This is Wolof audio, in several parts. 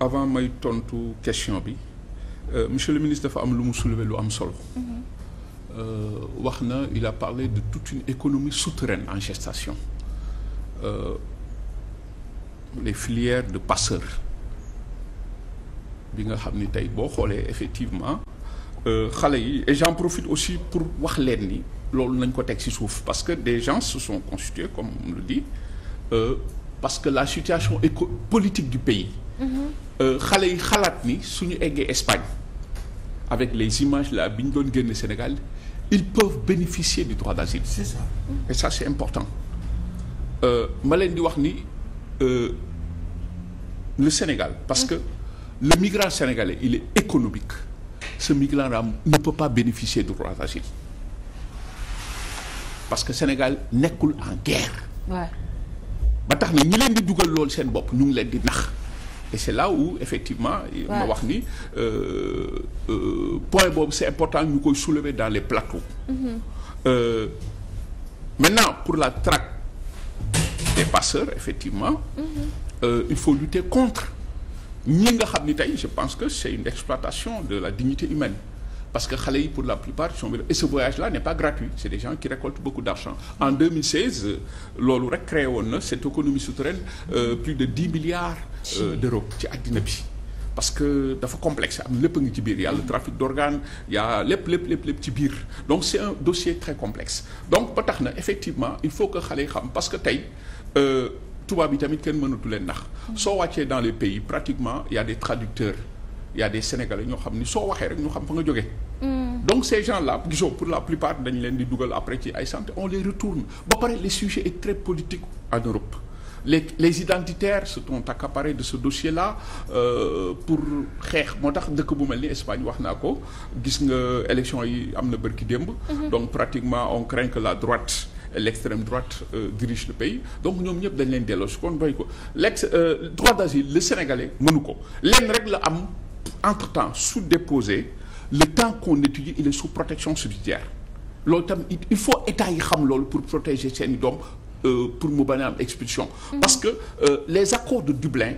avant may tontu question bi euh, monsieur le ministre dafa am lu mu soulever lu am solo. Euh, wax na il a parlé de toute une économie souterraine en gestation euh, les filières de passeurs bi nga xam ni tey boo xoolee effectivement euh, xale yi et j'en profite aussi pour wax leen ni loolu nañ ko teg ci suuf parce que des gens se sont constitués comme on di parce que la situation éco politique du pays. Mm-hmm. Euh, xale yi xalaat ni suñu eggee Espagne avec les images la bi ñu doon génne Sénégal ils peuvent bénéficier du droit d'asile. c'est et ça c'est important euh, ma di wax ni euh, le Sénégal parce que le migrant sénégalais il est économique ce migrant là ne peut pas bénéficier du droit d'asile parce que Sénégal nekkul en guerre. ba tax na ñi leen di dugal loolu seen bopp ñu ngi leen di nax et c'est là où effectivement ma wax ni euh, euh, point boobu c'est important ñu koy soulever dans les plateaux mm maintenant pour la traque des passeurs effectivement mm -hmm. il faut lutter contre ñi nga xam ni tey je pense que c'est une exploitation de la dignité humaine parce que xale yi pour la plupart sont et ce voyage là n'est pas gratuit c'est des gens qui récoltent beaucoup d'argent en loolu rek créé woon na cette économie souterraine euh, plus de 10 milliards euh, d'euros ci àddina bi parce que dafa complexe am lépp nga ci biir y'a le trafic d'organes y'a lépp lépp lépp lépp ci biir donc c'est un dossier très complexe donc ba tax na effectivement il faut que xale yi xam parce que tey euh, tubaab yi tamit kenn mënatu leen nax mm. soo dans les pays pratiquement y a des traducteurs y a des sénégalais ñoo xam ni soo waxee rek ñu xam fa nga jógee. Mm. donc ces gens là gisoo pour la plupart dañ leen di dugal après ci ay santé on les retourne ba pare le sujet est très politique en Europe. les les identitaires se sont accaparés de ce dossier là euh, pour xeex moo tax dëkk bu mel ni Espagne wax naa ko gis nga élection yi am na bërki démb. Mm-hmm. donc pratiquement on craint que la droite. l'extrême droite euh, dirige le pays donc ñoom ñëpp dañ leen delloo su kon ko l'ex euh, droit le sénégalais mënu ko lenn rek la am. entre-temps sous-déposé le temps qu'on étudie il est sous protection subsidiaire loolu il faut état yi xam loolu pour protéger seeni doom euh, pour mu bañ a am expulsion mm-hmm. parce que euh, les accords de Dublin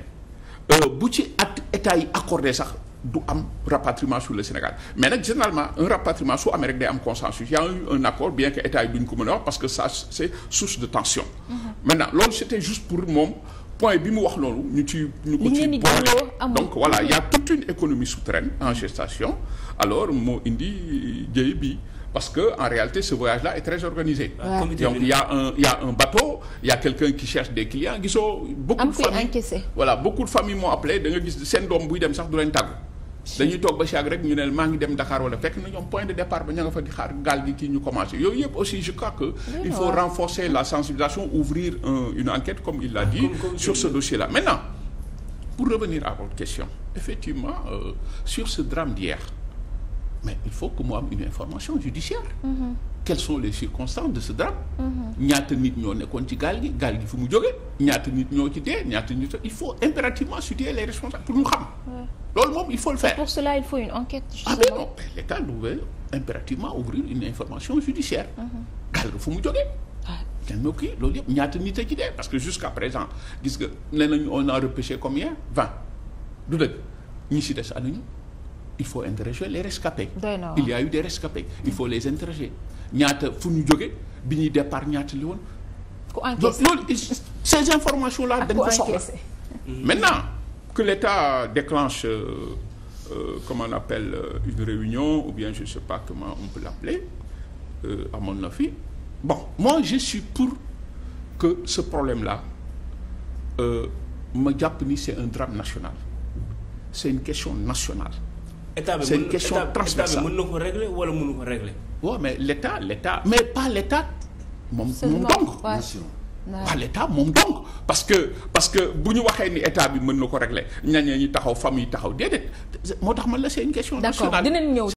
euh, bu ci at état yi accordé sax du am rapatriement sur le Sénégal mais nag généralement un rapatriement su amee rek am consensus il y a eu un accord bien que état yi duñ ko mën a wax parce que ça c'est source de tension mm-hmm. maintenant loolu c'était juste pour moom point bi mu wax loolu ñu ci ñu ko ci boole donc voilà il y a toute une économie souterraine en gestation alors moo indi jëy bi parce que en réalité ce voyage-là est très organisé. donc il y a un il y a un bateau il a quelqu'un qui cherche des clients gisoo. beaucoup de familles voilà beaucoup de familles m'ont appelé nga gis seen doom buy dem sax du lañ tàggu. dañuy toog ba chaque rek ñu ne maa ngi dem Dakar wala fekk na ñoom point de départ ba ña nga fa di xaar gaal gi kii ñu commencé yooyu yëpp aussi je crois que il faut renforcer la sensibilisation ouvrir un, une enquête comme il l'a ah, dit comme, comme, sur ce dossier là maintenant pour revenir à votre question effectivement euh, sur ce drame d'hier mais il faut que mu am une information judiciaire mm quelles sont les circonstances de ce drame. Mm-hmm. ñaata nit ñoo nekkoon ci gaal gi gaal gi fu mu jógee. ñaata nit ñoo ci dee ñaata nit il faut impérativement situer les responsables pour ñu xam. loolu moom il faut le faire. pour cela il faut une enquête. ah ben non impérativement ouvrir une information judiciaire. Mm-hmm. gaal ga fu mu jógee. kenn noo kii loolu yëpp ñaata nit a ci dee parce que jusqu'à présent gis nga nee nañu on a repêché combien vingt du dëgg ñi si des anañu il faut interroger les rescapés il y a eu des rescapés il faut les interroger ñaata fu ñu jóge bi ñuy départ ñaata li woon ces informations là mm-hmm. maintenant que l'État déclenche euh, euh, comme on appelle euh, une réunion ou bien je sais pas comment on peut l'appeler euh, amoon na fi bon moi je suis pour que ce problème là euh, ma jàpp ni c'est un drame national c'est une question nationale état bi c'est une question transversale état bi na ko régler wala mënu ko régler. waaw mais l' état l' état mais pas l' état. moom moom donc bien moom donc parce que parce que bu ñu waxee ni état bi mën na ko régler ñañee ñi taxaw famille taxaw déedéet moo tax man la c'est question nationale.